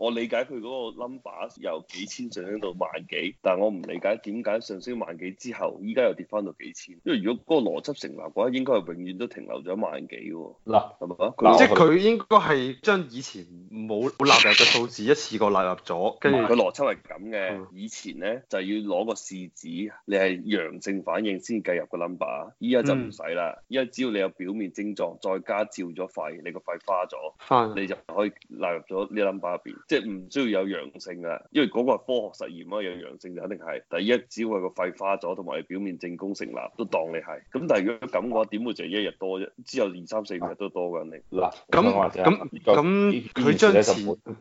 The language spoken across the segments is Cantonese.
我理解佢嗰個 number 由幾千上升到萬幾，但係我唔理解點解上升萬幾之後，依家又跌翻到幾千？因為如果嗰個邏輯成立嘅話，應該係永遠都停留咗萬幾喎。嗱了，係咪即係佢應該係將以前冇納入嘅數字一次過納入咗。跟住佢邏輯係咁嘅，的以前咧就係、要攞個試紙，你係陽性反應先計入個 number。依家就唔使啦，依家、嗯、只要你有表面症狀，再加照咗肺，你個肺花咗，的你就可以納入咗呢 number 入邊。即係唔需要有陽性啊，因為嗰個係科學實驗啊，有陽性就肯定係。第一，只要係個肺花咗，同埋表面證供成立，都當你係。咁但係如果咁嘅話，點會就一日多啫？之後二三四日都多㗎，你嗱咁咁咁佢將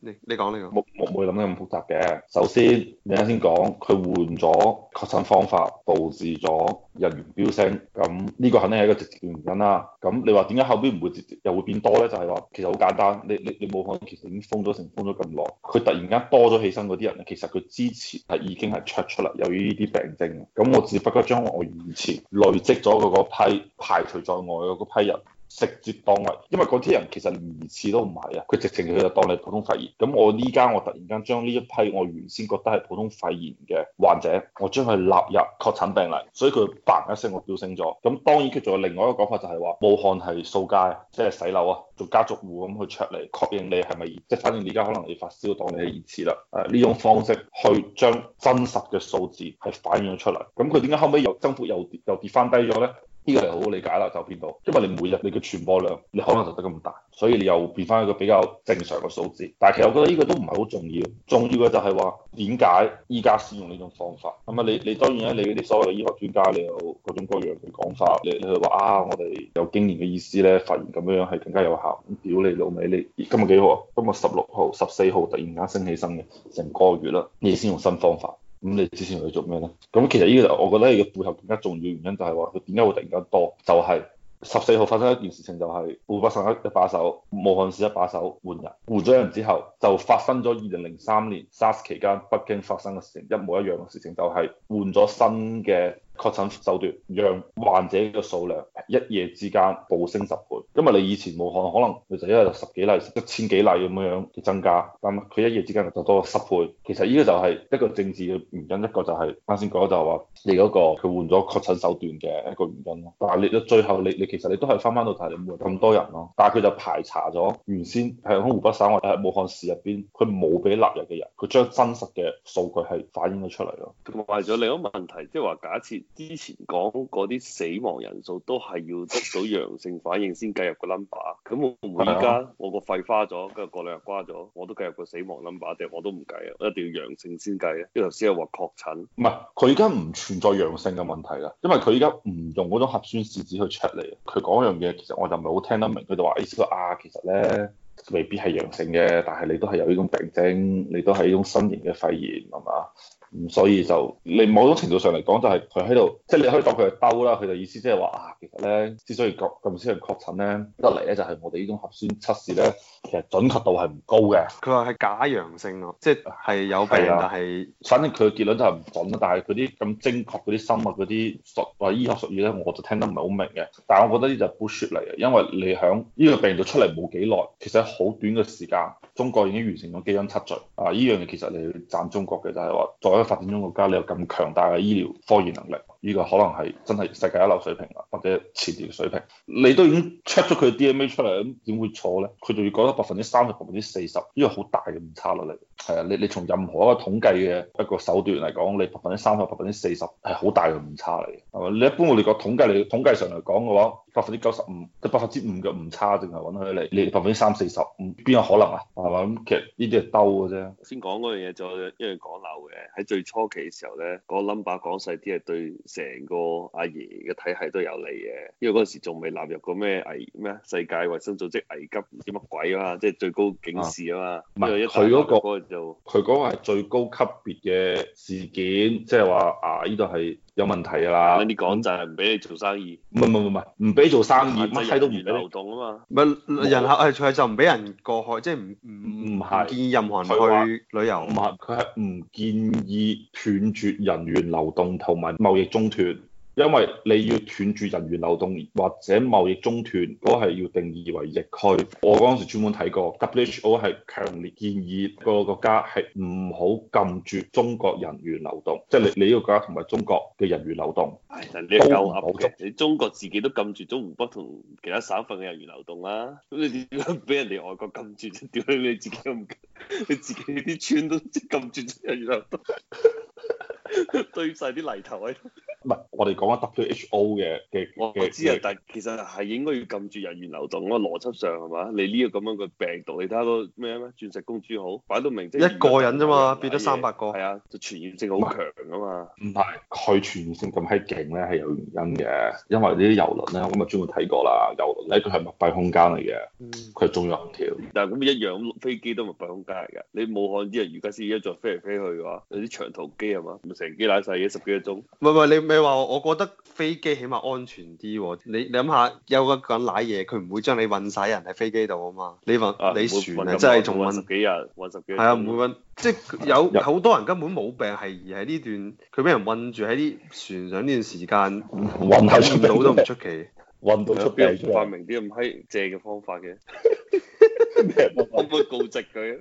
你你講呢個冇冇冇咁樣咁複雜嘅。首先你啱先講，佢換咗確診方法，導致咗。人員飆升，咁呢個肯定係一個直接原因啦、啊。咁你話點解後邊唔會直接又會變多呢？就係、是、話其實好簡單，你你冇可能其實已經封咗成封咗咁耐，佢突然間多咗起身嗰啲人，其實佢之前係已經係 check 出嚟由有呢啲病症嘅。咁我只不過將我以前累積咗嗰批排除在外嗰批人。直接當為，因為嗰啲人其實疑似都唔係啊，佢直情佢就當你普通肺炎。咁我依家我突然間將呢一批我原先覺得係普通肺炎嘅患者，我將佢納入確診病例，所以佢 b 一聲我，我飆升咗。咁當然佢仲有另外一個講法就係話，武漢係掃街，即係洗樓啊，做家族戶咁去出嚟確認你係咪，即係反正而家可能你發燒當你係疑似啦。誒呢種方式去將真實嘅數字係反映咗出嚟。咁佢點解後尾又增幅又又跌翻低咗呢？呢個係好理解啦，就變到，因為你每日你嘅傳播量，你可能就得咁大，所以你又變翻一個比較正常嘅數字。但係其實我覺得呢個都唔係好重要，重要嘅就係話點解依家先用呢種方法？咁啊，你你當然咧，你嗰啲所謂嘅醫學專家，你有各種各樣嘅講法，你你係話啊，我哋有經驗嘅醫師咧，發現咁樣樣係更加有效。屌你老味，你今日幾號啊？今日十六號、十四號突然間升起身嘅，成個月啦，你先用新方法。咁你之前去做咩呢？咁其實呢個就我覺得佢嘅背後更加重要原因就係話佢點解會突然間多？就係十四號發生一件事情，就係湖北省一把手、武漢市一把手換人，換咗人之後，就發生咗二零零三年 SARS 期間北京發生嘅事情，一模一樣嘅事情，就係換咗新嘅確診手段，讓患者嘅數量一夜之間暴升十倍。因為你以前武漢可能佢就一日十幾例、一千幾例咁樣樣嘅增加，咁佢一夜之間就多咗十倍。其實呢個就係一個政治嘅原因，一個就係啱先講就係話你嗰個佢換咗確診手段嘅一個原因咯。但係你到最後你你其實你都係翻翻到係你冇咁多人咯。但係佢就排查咗原先喺湖北省或者喺武漢市入邊佢冇俾納入嘅人，佢將真實嘅數據係反映咗出嚟咯。咁為咗你一個問題，即係話假設之前講嗰啲死亡人數都係要得到陽性反應先計。入個 number，咁我唔會而家我個肺花咗，跟住過兩日瓜咗，我都計入個死亡 number 定我都唔計啊！我一定要陽性先計啊！啲頭先又話確診，唔係佢而家唔存在陽性嘅問題㗎，因為佢而家唔用嗰種核酸試紙去 check 你。佢講樣嘢其實我就唔係好聽得明，佢就話，意思啊，其實咧未必係陽性嘅，但係你都係有呢種病徵，你都係呢種新型嘅肺炎，係嘛？咁所以就你某種程度上嚟講，就係佢喺度，即係你可以當佢係兜啦。佢就意思即係話啊，其實咧之所以咁少人確診咧，得嚟咧就係我哋呢種核酸測試咧，其實準確度係唔高嘅。佢話係假陽性咯，即係係有病人，的但係是反正佢嘅結論就係唔準。但係嗰啲咁精確嗰啲生物、嗰啲術話醫學術語咧，我就聽得唔係好明嘅。但係我覺得呢就係古説嚟嘅，因為你喺呢個病毒出嚟冇幾耐，其實好短嘅時間，中國已經完成咗基因測序啊！呢樣嘢其實你要讚中國嘅，就係、是、話發展中國家你有咁強大嘅醫療科研能力，呢個可能係真係世界一流水平啦，或者前列水平，你都已經 check 咗佢 DNA 出嚟，咁點會錯咧？佢仲要講得百分之三十、百分之四十，呢個好大嘅誤差落嚟。係啊，你你從任何一個統計嘅一個手段嚟講，你百分之三十、百分之四十係好大嘅誤差嚟，係嘛？你一般我哋個統計嚟，統計上嚟講嘅話。百分之九十五，即係百分之五嘅誤差，淨係揾佢嚟，你百分之三四十五，邊有可能啊，係嘛？咁其實呢啲係兜嘅啫。先講嗰樣嘢就，因為講漏嘅，喺最初期嘅時候咧，嗰、嗰個 number 講細啲係對成個阿爺嘅體系都有利嘅，因為嗰陣時仲未納入過咩危咩世界衞生組織危急唔知乜鬼啊嘛，即係最高警示啊嘛。唔佢嗰個就，佢嗰、啊嗰個係最高級別嘅事件，即係話啊呢度係。有問題噶啦講正，你講就係唔俾你做生意。唔係唔係，唔係唔俾你做生意，乜都唔俾流動吖嘛。唔係人客係出去就唔俾人過去，即係唔唔唔係建議任何人去旅遊。唔係佢係唔建議斷絕人員流動同埋貿易中斷。因為你要斷絕人員流動或者貿易中斷，嗰係要定義為疫區。我嗰陣時專門睇過，WHO 係強烈建議個國家係唔好禁絕中國人員流動，即、就、係、是、你你個國家同埋中國嘅人員流動、哎、你都唔好做。你中國自己都禁絕咗湖北同其他省份嘅人員流動啦、啊，咁你點解俾人哋外國禁絕？點解你自己都唔禁？你自己啲村都禁絕人員流動，堆晒啲泥頭喺度。我哋講下 WHO 嘅嘅嘅。我，我知啊，但其實係應該要禁住人員流動，我話邏輯上係嘛？你呢個咁樣嘅病毒，你睇下個咩咩？鑽石公主好，擺到明即一個人啫嘛，變咗三百個，係啊，就傳染性好強㗎嘛。唔係佢傳染性咁閪勁咧，係有原因嘅，因為郵呢啲郵輪咧，我咪專門睇過啦。郵輪咧，佢係密閉空間嚟嘅，佢又、嗯、中央空調但係咁一樣，飛機都密閉空間嚟嘅。你武漢啲人而家先一再飛嚟飛去嘅話，有啲長途機係嘛，咪成機攬曬嘢，十幾個鐘。唔係你佢話：我覺得飛機起碼安全啲。你你諗下，有個人瀨嘢，佢唔會將你運晒人喺飛機度啊嘛。你話你船啊，真係仲運幾日？運十幾日。係啊，唔會運。即係有好多人根本冇病，係而喺呢段佢俾人運住喺啲船上呢段時間運到都唔出奇。運到出病。發明啲咁閪正嘅方法嘅，我會告職佢？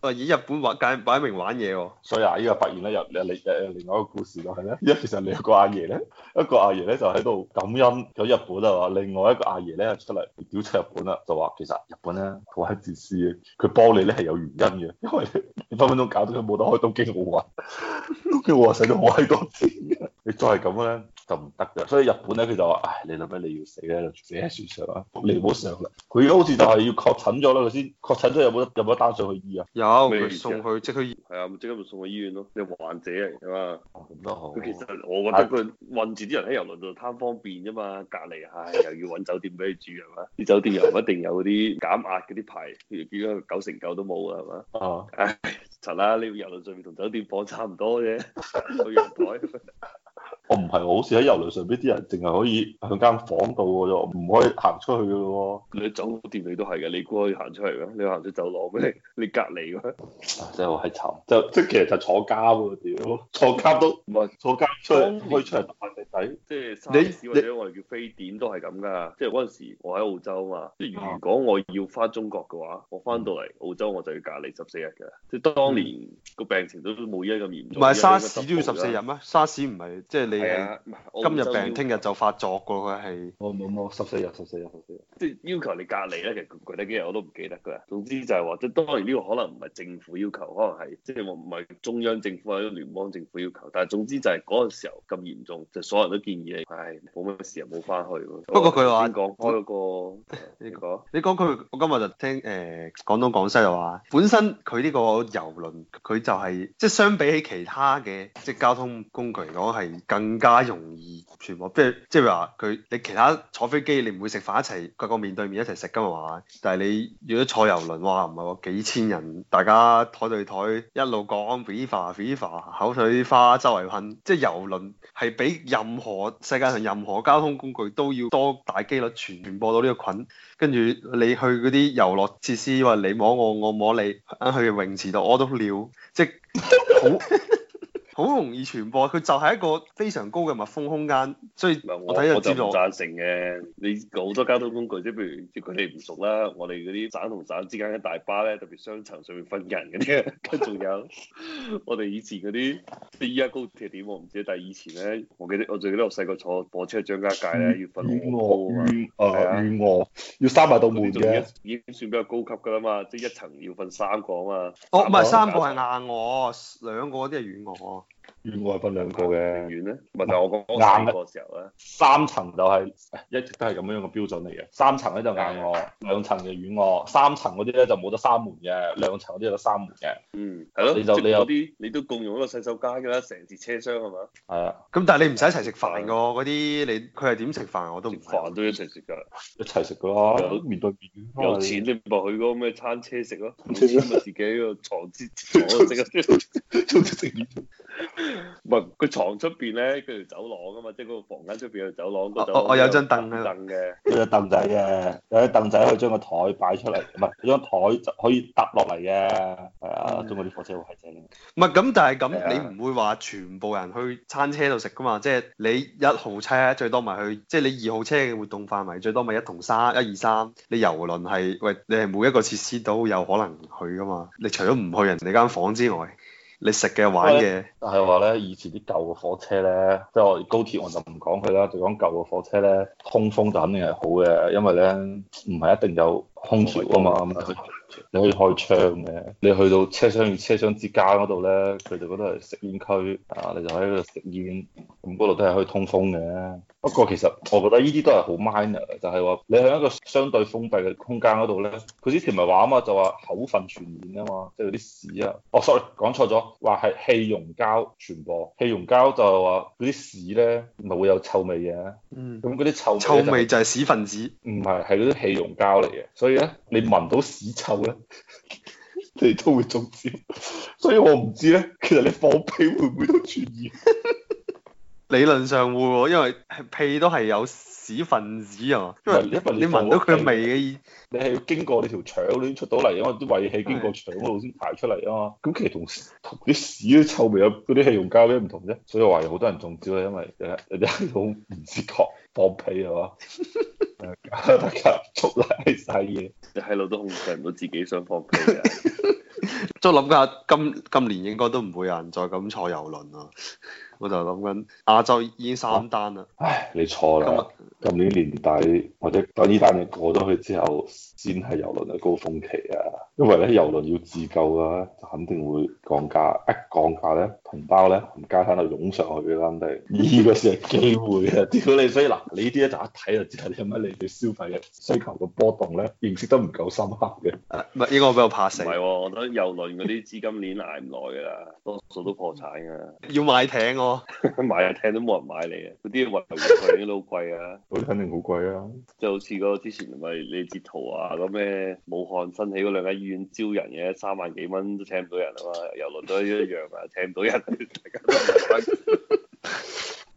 我以日本玩，梗係擺明玩嘢喎。所以啊，依個發現咧，又又另另外一個故事就係咧，依家其實兩個阿爺咧，一個阿爺咧就喺度感恩喺日本啊，另外一個阿爺咧出嚟屌出日本啦，就話其實日本咧好閪自私嘅，佢幫你咧係有原因嘅，因為分分鐘搞到佢冇得開東京好玩，幾好玩，使咗好閪多錢嘅。你再係咁咧？就唔得嘅，所以日本咧，佢就話，唉，你諗下你要死咧，死喺船上啊，嗯，你唔好上啦。佢而家好似就係要確診咗啦，佢先確診咗有冇有冇得單上去醫啊？有，佢送去即刻是醫，係 啊，即刻咪送去醫院咯。啲患者啊嘛，咁都好。其實我覺得佢困住啲人喺郵輪度貪方便啫嘛，隔離唉又要揾酒店俾你住係嘛，啲 酒店又唔一定有嗰啲減壓嗰啲牌，譬如，結果九成九都冇啊係嘛。哦，唉，陳啊，你郵輪上面同酒店房差唔多啫，去陽台。我唔係，好似喺遊輪上邊啲人，淨係可以向間房度喎，唔可以行出去嘅喎。啊。你酒店，你都係嘅，你估可以行出嚟咩？你行出走廊俾你，你隔離嘅。真係好閪慘，就即係其實就坐監喎，屌坐監都唔係坐監出去出嚟。係、欸，即係沙士或者我哋叫非典都係咁噶。即係嗰陣時我喺澳洲嘛，即係如果我要翻中國嘅話，我翻到嚟澳洲我就要隔離十四日㗎。即係當年個病情都冇依家咁嚴重。唔係沙士都、就是啊、要十四日咩？沙士唔係即係你今日病，聽日就發作㗎。佢係、嗯、我冇冇十四日，十四日，十四日。日即係要求你隔離咧，其實具體幾日我都唔記得㗎。總之就係話，即係當年呢個可能唔係政府要求，可能係、就是、即係我唔係中央政府，或者聯邦政府要求。但係總之就係嗰個時候咁嚴重，就是、所。所都建議你，唉，冇乜事又冇翻去。不過佢話，講開嗰我、那個，你講說，你講說佢。我今日就聽誒、呃、廣東廣西就話，本身佢呢個遊輪佢就係、是，即係相比起其他嘅即係交通工具嚟講係更加容易全部，譬如，即係話佢你其他坐飛機你唔會食飯一齊個個面對面一齊食㗎嘛嘛，但係你如果坐遊輪哇，唔係話幾千人大家枱對枱一路講 viva viva 口水花周圍噴，即係遊輪係比任任何世界上任何交通工具都要多大機率傳傳播到呢個菌，跟住你去嗰啲遊樂設施，話你摸我，我摸你，去泳池度屙到尿，即係好。 好容易傳播，佢就係一個非常高嘅密封空間，所以我睇我知道。我贊成嘅，你好多交通工具，即係譬如佢哋唔熟啦，我哋嗰啲省同省之間嘅大巴咧，特別雙層上面瞓人嗰啲，跟住仲有我哋以前嗰啲，即係依家高鐵點我唔知，但係以前咧，我記得我最記得我細個坐火車去張家界咧，要瞓硬卧啊，硬卧來對要閂埋道門嘅，已經算比較高級㗎啦嘛，即係一層要瞓三,三、哦、三個啊嘛。哦，唔係三個係硬卧，兩個嗰啲係軟卧。軟卧係分兩個嘅，硬卧咧。但係我講三層嘅時候咧，三層就係一直都係咁樣嘅標準嚟嘅。三層咧就硬卧，兩層就軟卧，三層嗰啲咧就冇得三門嘅，兩層嗰啲有得三門嘅。嗯，係咯。你就你有，你都共用一個洗手間噶啦，成節車廂係嘛？係啊。咁但係你唔使一齊食飯噶喎，嗰啲你佢係點食飯我都唔。食飯都一齊食噶，一齊食噶啦。面對面，有錢你咪去嗰個咩餐車食咯，冇錢咪自己個床之床食。唔係佢床出邊咧，佢條走廊啊嘛，即係嗰個房間出邊有走廊。我我有張凳凳嘅，有凳仔嘅，有啲凳仔可以將個台擺出嚟，唔係嗰張台可以搭落嚟嘅。係啊，中國啲火車好係正。唔係咁，但係咁的你唔會話全部人去餐車度食噶嘛？即係你一號車最多咪去，即係你二號車嘅活動範圍最多咪一、同三、一二三。你遊輪係喂，你係每一個設施都有可能去噶嘛？你除咗唔去人哋間房之外。你食嘅玩嘅，但係話咧以前啲舊嘅火車咧，即係我高鐵我就唔講佢啦，就講舊嘅火車咧，通風就肯定係好嘅，因為咧唔係一定有空調啊嘛。 你可以開窗嘅，你去到車廂與車廂之間嗰度咧，佢哋嗰度係食煙區啊，你就喺度食煙，咁嗰度都係可以通風嘅。不過其實我覺得呢啲都係好 minor，就係、是、話你喺一個相對封閉嘅空間嗰度咧，佢之前咪話啊嘛，就話口糞傳染啊嘛，即係啲屎啊。哦，sorry，講錯咗，話係氣溶膠傳播。氣溶膠就係話嗰啲屎咧，唔係會有臭味嘅。嗯。咁嗰啲臭味、就是、臭味就係屎分子。唔係，係嗰啲氣溶膠嚟嘅，所以咧，你聞到屎臭。 你都會中招， 所以我唔知咧。其實你放屁會唔會都傳染？ 理論上會，因為屁都係有屎分子啊，因為你聞到佢味嘅，你係經過你條腸，你已經出到嚟啊嘛。啲胃氣經過腸度先排出嚟啊嘛。咁 其實同同啲屎都臭味有嗰啲氣溶膠咩唔同啫。所以我話有好多人中招係因為誒有一種唔止咳，放屁啊嘛。 大家出嚟晒嘢，你喺度都控制唔到自己想放屁啊！都 諗緊今今年應該都唔會有人再咁坐遊輪咯。我就諗緊亞洲已經三單啦。唉，你錯啦！今年年底或者等呢單你過咗去之後，先係遊輪嘅高峰期啊！因為咧游輪要自救啊，就肯定會降價，一降價咧，同胞咧同街攤就湧上去啦，一定呢個先係機會啊！屌你，所以嗱，你呢啲咧就一睇，就知係點解你對消費嘅需求嘅波動咧認識得唔夠深刻嘅，啊。唔係，應該我比較怕死。唔係，我覺得游輪嗰啲資金鏈捱唔耐噶啦，多數都破產噶。要買艇我、啊， 買艇都冇人買你啊！嗰啲維護費都好貴啊。嗰啲肯定好貴啊！就好似個之前咪你截圖啊，個咩武漢新起嗰兩間。招人嘅三萬幾蚊都請唔到人啊嘛，遊輪都一樣啊，請唔到人。